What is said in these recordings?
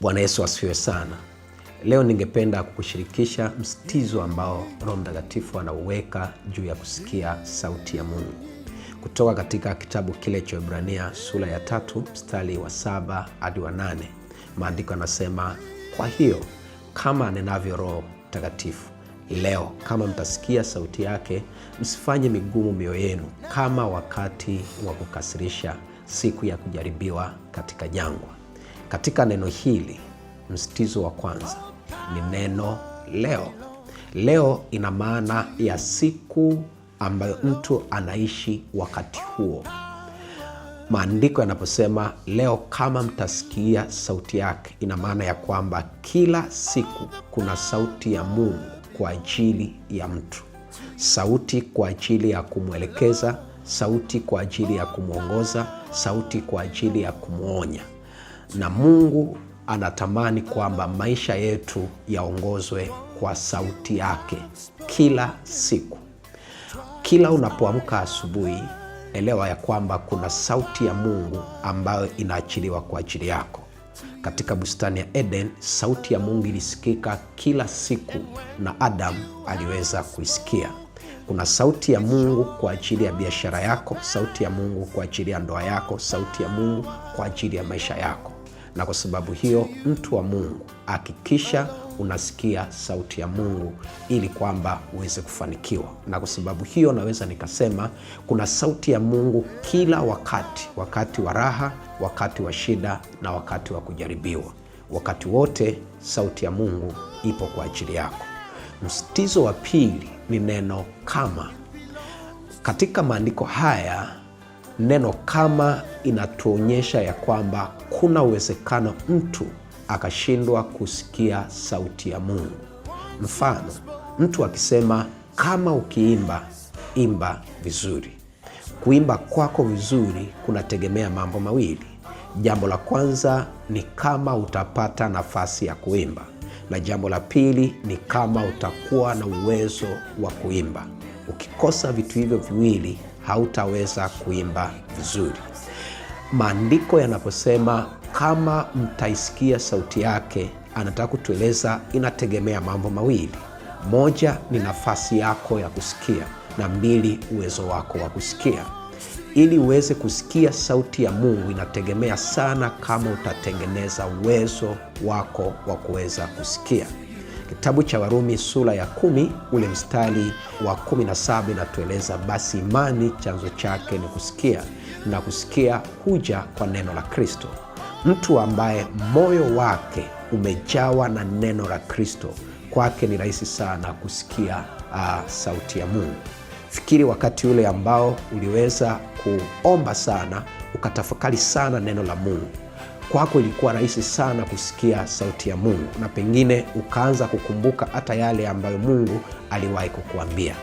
Bwana Yesu asifiwe sana. Leo ningependa kukushirikisha msitizo ambao Roho Mtakatifu anauweka juu ya kusikia sauti ya Mungu kutoka katika kitabu kile cha Ibrania sura ya tatu mstari wa saba hadi wa nane. Maandiko yanasema, kwa hiyo kama anenavyo Roho Mtakatifu leo, kama mtasikia sauti yake, msifanye migumu mioyo yenu kama wakati wa kukasirisha siku ya kujaribiwa katika jangwa katika neno hili msitizo wa kwanza ni neno leo. Leo ina maana ya siku ambayo mtu anaishi wakati huo. Maandiko yanaposema leo kama mtasikia sauti yake, ina maana ya kwamba kila siku kuna sauti ya Mungu kwa ajili ya mtu, sauti kwa ajili ya kumwelekeza, sauti kwa ajili ya kumwongoza, sauti kwa ajili ya kumwonya na Mungu anatamani kwamba maisha yetu yaongozwe kwa sauti yake kila siku. Kila unapoamka asubuhi, elewa ya kwamba kuna sauti ya Mungu ambayo inaachiliwa kwa ajili yako. Katika bustani ya Eden, sauti ya Mungu ilisikika kila siku na Adamu aliweza kuisikia. Kuna sauti ya Mungu kwa ajili ya biashara yako, sauti ya Mungu kwa ajili ya ndoa yako, sauti ya Mungu kwa ajili ya maisha yako na kwa sababu hiyo, mtu wa Mungu, hakikisha unasikia sauti ya Mungu ili kwamba uweze kufanikiwa. Na kwa sababu hiyo, naweza nikasema kuna sauti ya Mungu kila wakati, wakati wa raha, wakati wa shida na wakati wa kujaribiwa. Wakati wote sauti ya Mungu ipo kwa ajili yako. Msitizo wa pili ni neno kama. Katika maandiko haya neno kama inatuonyesha ya kwamba kuna uwezekano mtu akashindwa kusikia sauti ya Mungu. Mfano, mtu akisema kama ukiimba imba vizuri. Kuimba kwako vizuri kunategemea mambo mawili. Jambo la kwanza ni kama utapata nafasi ya kuimba, na jambo la pili ni kama utakuwa na uwezo wa kuimba. Ukikosa vitu hivyo viwili, hautaweza kuimba vizuri maandiko yanaposema kama mtaisikia sauti yake, anataka kutueleza inategemea mambo mawili. Moja ni nafasi yako ya kusikia, na mbili uwezo wako wa kusikia. Ili uweze kusikia sauti ya Mungu inategemea sana kama utatengeneza uwezo wako wa kuweza kusikia. Kitabu cha Warumi sura ya kumi ule mstari wa 17 inatueleza basi, imani chanzo chake ni kusikia na kusikia huja kwa neno la Kristo. Mtu ambaye moyo wake umejawa na neno la Kristo, kwake ni rahisi sana kusikia uh, sauti ya Mungu. Fikiri wakati ule ambao uliweza kuomba sana, ukatafakari sana neno la Mungu kwako ilikuwa rahisi sana kusikia sauti ya Mungu na pengine ukaanza kukumbuka hata yale ambayo Mungu aliwahi kukuambia.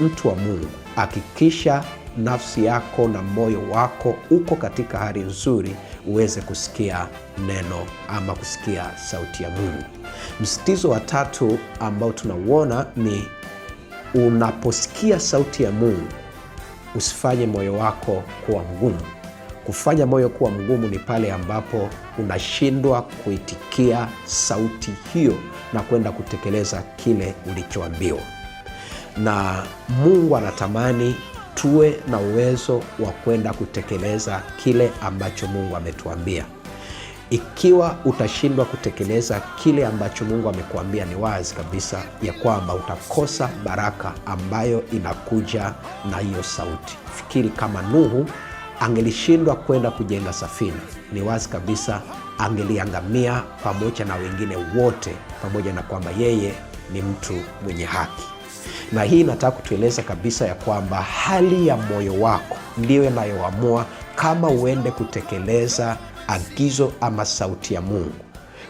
Mtu wa Mungu, hakikisha nafsi yako na moyo wako uko katika hali nzuri uweze kusikia neno ama kusikia sauti ya Mungu. Msitizo wa tatu ambao tunauona ni unaposikia sauti ya Mungu usifanye moyo wako kuwa mgumu. Kufanya moyo kuwa mgumu ni pale ambapo unashindwa kuitikia sauti hiyo na kwenda kutekeleza kile ulichoambiwa. Na Mungu anatamani tuwe na uwezo wa kwenda kutekeleza kile ambacho Mungu ametuambia. Ikiwa utashindwa kutekeleza kile ambacho Mungu amekuambia, ni wazi kabisa ya kwamba utakosa baraka ambayo inakuja na hiyo sauti. Fikiri kama Nuhu angelishindwa kwenda kujenga safina, ni wazi kabisa angeliangamia pamoja na wengine wote, pamoja na kwamba yeye ni mtu mwenye haki. Na hii inataka kutueleza kabisa ya kwamba hali ya moyo wako ndiyo inayoamua kama uende kutekeleza agizo ama sauti ya Mungu.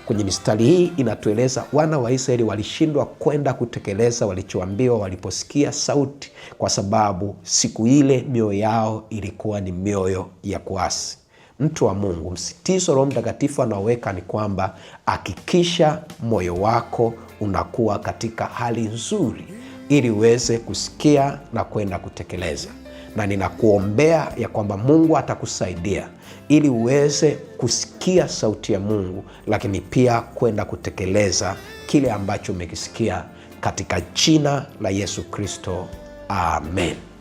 Kwenye mistari hii inatueleza wana wa Israeli walishindwa kwenda kutekeleza walichoambiwa waliposikia sauti, kwa sababu siku ile mioyo yao ilikuwa ni mioyo ya kuasi. Mtu wa Mungu, msitizo Roho Mtakatifu anaoweka ni kwamba hakikisha moyo wako unakuwa katika hali nzuri, ili uweze kusikia na kwenda kutekeleza na ninakuombea ya kwamba Mungu atakusaidia ili uweze kusikia sauti ya Mungu, lakini pia kwenda kutekeleza kile ambacho umekisikia katika jina la Yesu Kristo, amen.